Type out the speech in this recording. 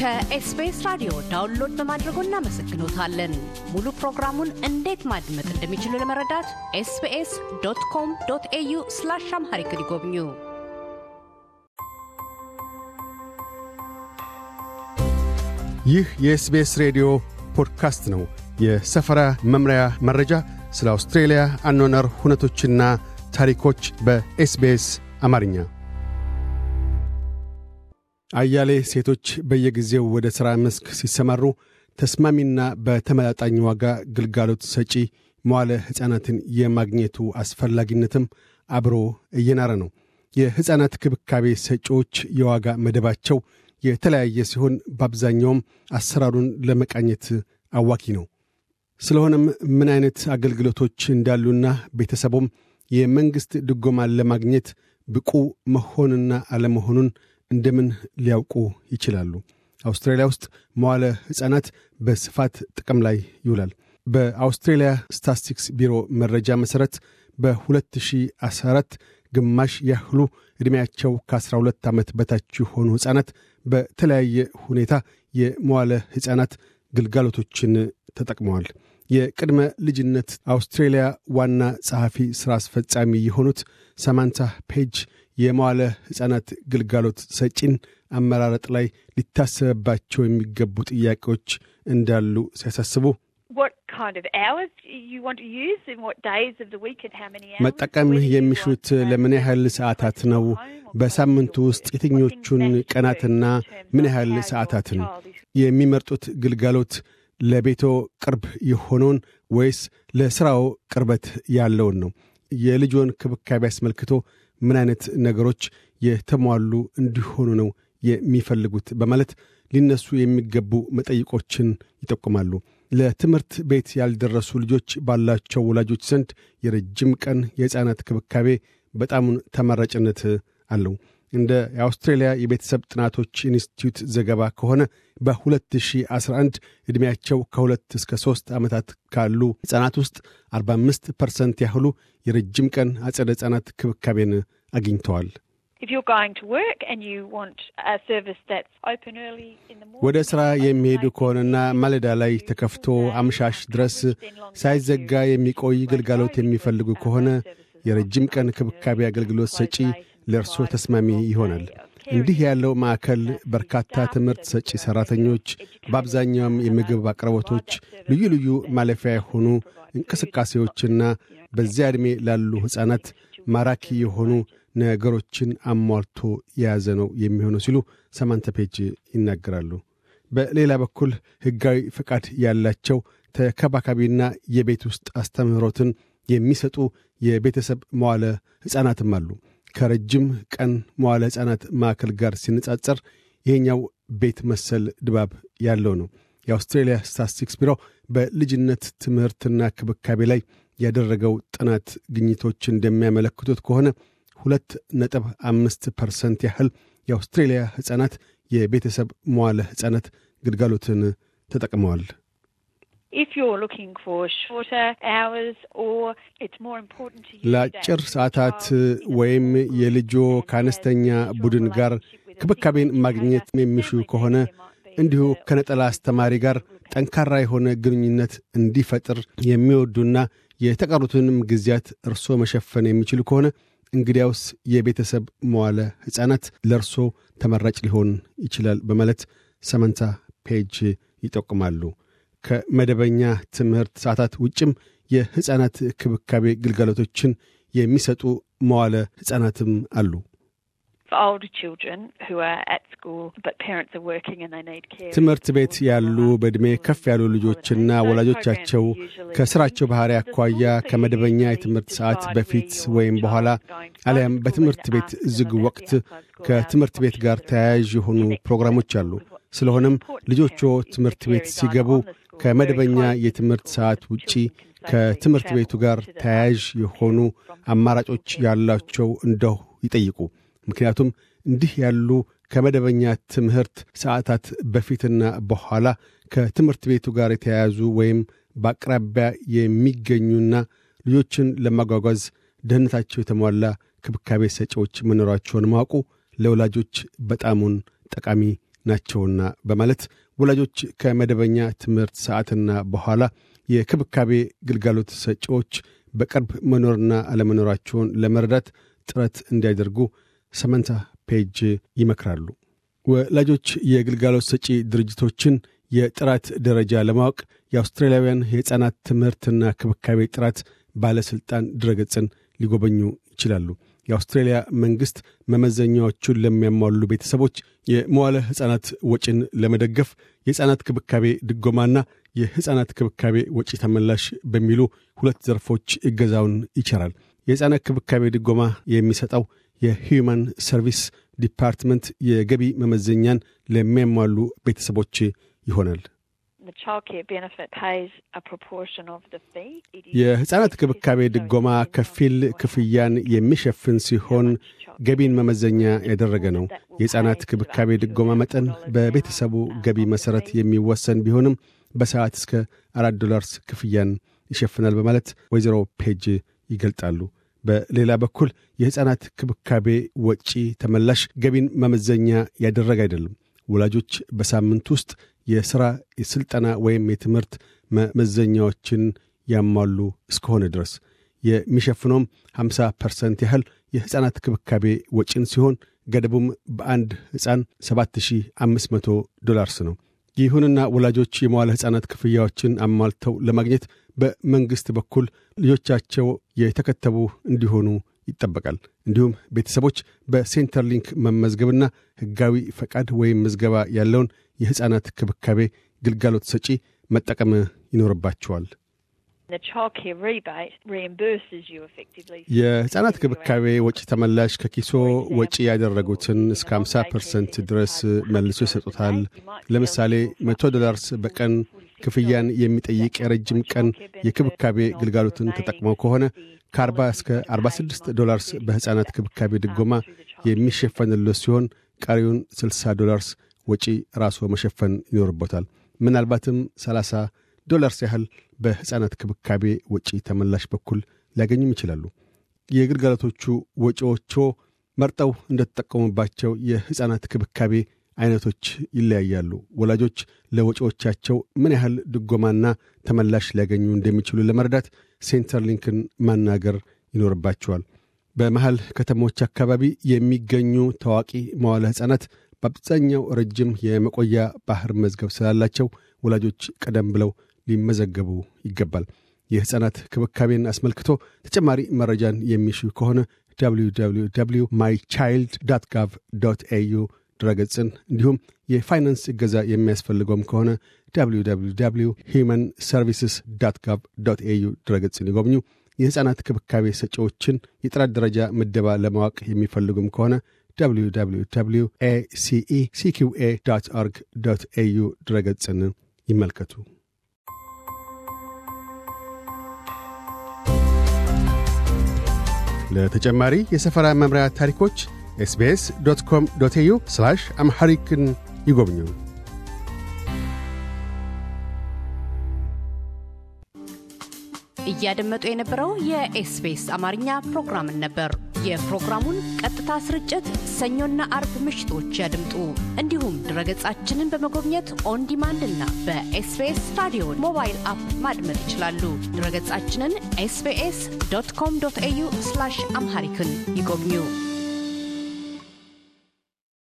ከኤስቢኤስ ራዲዮ ዳውንሎድ በማድረጎ እናመሰግኖታለን። ሙሉ ፕሮግራሙን እንዴት ማድመጥ እንደሚችሉ ለመረዳት ኤስቢኤስ ዶት ኮም ዶት ኤዩ ስላሽ አምሃሪክ ይጎብኙ። ይህ የኤስቢኤስ ሬዲዮ ፖድካስት ነው። የሰፈራ መምሪያ መረጃ፣ ስለ አውስትሬልያ አኗኗር ሁነቶችና ታሪኮች በኤስቢኤስ አማርኛ አያሌ ሴቶች በየጊዜው ወደ ሥራ መስክ ሲሰማሩ ተስማሚና በተመጣጣኝ ዋጋ ግልጋሎት ሰጪ መዋለ ሕፃናትን የማግኘቱ አስፈላጊነትም አብሮ እየናረ ነው። የሕፃናት ክብካቤ ሰጪዎች የዋጋ መደባቸው የተለያየ ሲሆን በአብዛኛውም አሰራሩን ለመቃኘት አዋኪ ነው። ስለሆነም ምን አይነት አገልግሎቶች እንዳሉና ቤተሰቦም የመንግሥት ድጎማን ለማግኘት ብቁ መሆንና አለመሆኑን እንደምን ሊያውቁ ይችላሉ? አውስትራሊያ ውስጥ መዋለ ሕፃናት በስፋት ጥቅም ላይ ይውላል። በአውስትሬልያ ስታስቲክስ ቢሮ መረጃ መሠረት በ2014 ግማሽ ያህሉ ዕድሜያቸው ከ12 ዓመት በታች የሆኑ ሕፃናት በተለያየ ሁኔታ የመዋለ ሕፃናት ግልጋሎቶችን ተጠቅመዋል። የቅድመ ልጅነት አውስትሬልያ ዋና ጸሐፊ ሥራ አስፈጻሚ የሆኑት ሰማንታ ፔጅ የመዋለ ሕፃናት ግልጋሎት ሰጪን አመራረጥ ላይ ሊታሰብባቸው የሚገቡ ጥያቄዎች እንዳሉ ሲያሳስቡ መጠቀም የሚሹት ለምን ያህል ሰዓታት ነው? በሳምንቱ ውስጥ የትኞቹን ቀናትና ምን ያህል ሰዓታትን የሚመርጡት ግልጋሎት ለቤቶ ቅርብ የሆነውን ወይስ ለሥራው ቅርበት ያለውን ነው? የልጆን ክብካቤ አስመልክቶ ምን አይነት ነገሮች የተሟሉ እንዲሆኑ ነው የሚፈልጉት? በማለት ሊነሱ የሚገቡ መጠይቆችን ይጠቁማሉ። ለትምህርት ቤት ያልደረሱ ልጆች ባላቸው ወላጆች ዘንድ የረጅም ቀን የሕፃናት ክብካቤ በጣሙን ተመራጭነት አለው። እንደ የአውስትሬልያ የቤተሰብ ጥናቶች ኢንስቲትዩት ዘገባ ከሆነ በ2011 ዕድሜያቸው ከሁለት እስከ ሦስት ዓመታት ካሉ ሕፃናት ውስጥ 45 ፐርሰንት ያህሉ የረጅም ቀን አጸደ ሕፃናት ክብካቤን አግኝተዋል። ወደ ሥራ የሚሄዱ ከሆነና ማለዳ ላይ ተከፍቶ አምሻሽ ድረስ ሳይዘጋ የሚቆይ ግልጋሎት የሚፈልጉ ከሆነ የረጅም ቀን ክብካቤ አገልግሎት ሰጪ ለእርስዎ ተስማሚ ይሆናል። እንዲህ ያለው ማዕከል በርካታ ትምህርት ሰጪ ሠራተኞች፣ በአብዛኛውም የምግብ አቅርቦቶች፣ ልዩ ልዩ ማለፊያ የሆኑ እንቅስቃሴዎችና በዚያ ዕድሜ ላሉ ሕፃናት ማራኪ የሆኑ ነገሮችን አሟልቶ የያዘ ነው የሚሆነው ሲሉ ሰማንተ ፔጅ ይናገራሉ። በሌላ በኩል ሕጋዊ ፈቃድ ያላቸው ተከባካቢና የቤት ውስጥ አስተምህሮትን የሚሰጡ የቤተሰብ መዋለ ሕፃናትም አሉ። ከረጅም ቀን መዋለ ሕፃናት ማዕከል ጋር ሲነጻጸር ይሄኛው ቤት መሰል ድባብ ያለው ነው። የአውስትሬልያ ስታስቲክስ ቢሮ በልጅነት ትምህርትና ክብካቤ ላይ ያደረገው ጥናት ግኝቶች እንደሚያመለክቱት ከሆነ ሁለት ነጥብ አምስት ፐርሰንት ያህል የአውስትሬልያ ሕፃናት የቤተሰብ መዋለ ሕፃናት ግልጋሎትን ተጠቅመዋል። ለአጭር ሰዓታት ወይም የልጆ ከአነስተኛ ቡድን ጋር ክብካቤን ማግኘት የሚሹ ከሆነ እንዲሁ ከነጠላ አስተማሪ ጋር ጠንካራ የሆነ ግንኙነት እንዲፈጥር የሚወዱና የተቀሩትንም ጊዜያት እርሶ መሸፈን የሚችሉ ከሆነ እንግዲያውስ የቤተሰብ መዋለ ሕፃናት ለእርሶ ተመራጭ ሊሆን ይችላል በማለት ሰመንታ ፔጅ ይጠቁማሉ። ከመደበኛ ትምህርት ሰዓታት ውጭም የሕፃናት ክብካቤ ግልጋሎቶችን የሚሰጡ መዋለ ሕፃናትም አሉ። ትምህርት ቤት ያሉ በዕድሜ ከፍ ያሉ ልጆችና ወላጆቻቸው ከሥራቸው ባህሪ አኳያ ከመደበኛ የትምህርት ሰዓት በፊት ወይም በኋላ አሊያም በትምህርት ቤት ዝግ ወቅት ከትምህርት ቤት ጋር ተያያዥ የሆኑ ፕሮግራሞች አሉ። ስለሆነም ልጆቹ ትምህርት ቤት ሲገቡ ከመደበኛ የትምህርት ሰዓት ውጪ ከትምህርት ቤቱ ጋር ተያያዥ የሆኑ አማራጮች ያላቸው እንደው ይጠይቁ። ምክንያቱም እንዲህ ያሉ ከመደበኛ ትምህርት ሰዓታት በፊትና በኋላ ከትምህርት ቤቱ ጋር የተያያዙ ወይም በአቅራቢያ የሚገኙና ልጆችን ለማጓጓዝ ደህንነታቸው የተሟላ ክብካቤ ሰጪዎች መኖራቸውን ማወቁ ለወላጆች በጣሙን ጠቃሚ ናቸውና በማለት ወላጆች ከመደበኛ ትምህርት ሰዓትና በኋላ የክብካቤ ግልጋሎት ሰጪዎች በቅርብ መኖርና አለመኖራቸውን ለመረዳት ጥረት እንዲያደርጉ ሰመንታ ፔጅ ይመክራሉ። ወላጆች የግልጋሎት ሰጪ ድርጅቶችን የጥራት ደረጃ ለማወቅ የአውስትራሊያውያን የሕፃናት ትምህርትና ክብካቤ ጥራት ባለሥልጣን ድረገጽን ሊጎበኙ ይችላሉ። የአውስትሬልያ መንግሥት መመዘኛዎቹን ለሚያሟሉ ቤተሰቦች የመዋለ ሕፃናት ወጪን ለመደገፍ የሕፃናት ክብካቤ ድጎማና የሕፃናት ክብካቤ ወጪ ተመላሽ በሚሉ ሁለት ዘርፎች እገዛውን ይቸራል። የሕፃናት ክብካቤ ድጎማ የሚሰጠው የሂዩማን ሰርቪስ ዲፓርትመንት የገቢ መመዘኛን ለሚያሟሉ ቤተሰቦች ይሆናል። የሕፃናት ክብካቤ ድጎማ ከፊል ክፍያን የሚሸፍን ሲሆን ገቢን መመዘኛ ያደረገ ነው። የሕፃናት ክብካቤ ድጎማ መጠን በቤተሰቡ uh, ገቢ መሠረት የሚወሰን ቢሆንም በሰዓት እስከ አራት ዶላርስ ክፍያን ይሸፍናል በማለት ወይዘሮ ፔጅ ይገልጣሉ። በሌላ በኩል የሕፃናት ክብካቤ ወጪ ተመላሽ ገቢን መመዘኛ ያደረገ አይደለም። ወላጆች በሳምንት ውስጥ የሥራ፣ የሥልጠና ወይም የትምህርት መመዘኛዎችን ያሟሉ እስከሆነ ድረስ የሚሸፍነውም 50 ፐርሰንት ያህል የሕፃናት ክብካቤ ወጪን ሲሆን ገደቡም በአንድ ሕፃን 7500 ዶላርስ ነው። ይሁንና ወላጆች የመዋለ ሕፃናት ክፍያዎችን አሟልተው ለማግኘት በመንግሥት በኩል ልጆቻቸው የተከተቡ እንዲሆኑ ይጠበቃል። እንዲሁም ቤተሰቦች በሴንተር ሊንክ መመዝገብና ሕጋዊ ፈቃድ ወይም ምዝገባ ያለውን የሕፃናት ክብካቤ ግልጋሎት ሰጪ መጠቀም ይኖርባቸዋል። የሕፃናት ክብካቤ ወጪ ተመላሽ ከኪሶ ወጪ ያደረጉትን እስከ 50 ፐርሰንት ድረስ መልሶ ይሰጡታል። ለምሳሌ መቶ ዶላርስ በቀን ክፍያን የሚጠይቅ የረጅም ቀን የክብካቤ ግልጋሎትን ተጠቅመው ከሆነ ከ40 እስከ 46 ዶላርስ በሕፃናት ክብካቤ ድጎማ የሚሸፈንለት ሲሆን ቀሪውን 60 ዶላርስ ወጪ ራስዎ መሸፈን ይኖርቦታል። ምናልባትም 30 ዶላርስ ያህል በሕፃናት ክብካቤ ወጪ ተመላሽ በኩል ሊያገኙም ይችላሉ። የግልጋሎቶቹ ወጪዎቹ መርጠው እንደተጠቀሙባቸው የሕፃናት ክብካቤ አይነቶች ይለያያሉ። ወላጆች ለወጪዎቻቸው ምን ያህል ድጎማና ተመላሽ ሊያገኙ እንደሚችሉ ለመረዳት ሴንተር ሊንክን ማናገር ይኖርባቸዋል። በመሃል ከተሞች አካባቢ የሚገኙ ታዋቂ መዋለ ሕፃናት በአብዛኛው ረጅም የመቆያ ባህር መዝገብ ስላላቸው ወላጆች ቀደም ብለው ሊመዘገቡ ይገባል። የሕፃናት ክብካቤን አስመልክቶ ተጨማሪ መረጃን የሚሹ ከሆነ ኤዩ ድረገጽን እንዲሁም የፋይናንስ እገዛ የሚያስፈልገውም ከሆነ www ሂማን ሰርቪስስ ዳት ጋቭ ኤዩ ድረገጽን ይጎብኙ። የሕፃናት ክብካቤ ሰጪዎችን የጥራት ደረጃ ምደባ ለማወቅ የሚፈልጉም ከሆነ www ኤሲኢ ሲኪውኤ ኦርግ ኤዩ ድረገጽን ይመልከቱ። ለተጨማሪ የሰፈራ መምሪያ ታሪኮች ኤስቢኤስ ዶት ኮም ዶት ኤዩ አምሐሪክን ይጎብኙ። እያደመጡ የነበረው የኤስቢኤስ አማርኛ ፕሮግራምን ነበር። የፕሮግራሙን ቀጥታ ስርጭት ሰኞና አርብ ምሽቶች ያድምጡ። እንዲሁም ድረገጻችንን በመጎብኘት ኦን ዲማንድ እና በኤስቤስ ራዲዮን ሞባይል አፕ ማድመጥ ይችላሉ። ድረገጻችንን ኤስቤስ ዶት ኮም ዶት ኤዩ አምሃሪክን ይጎብኙ።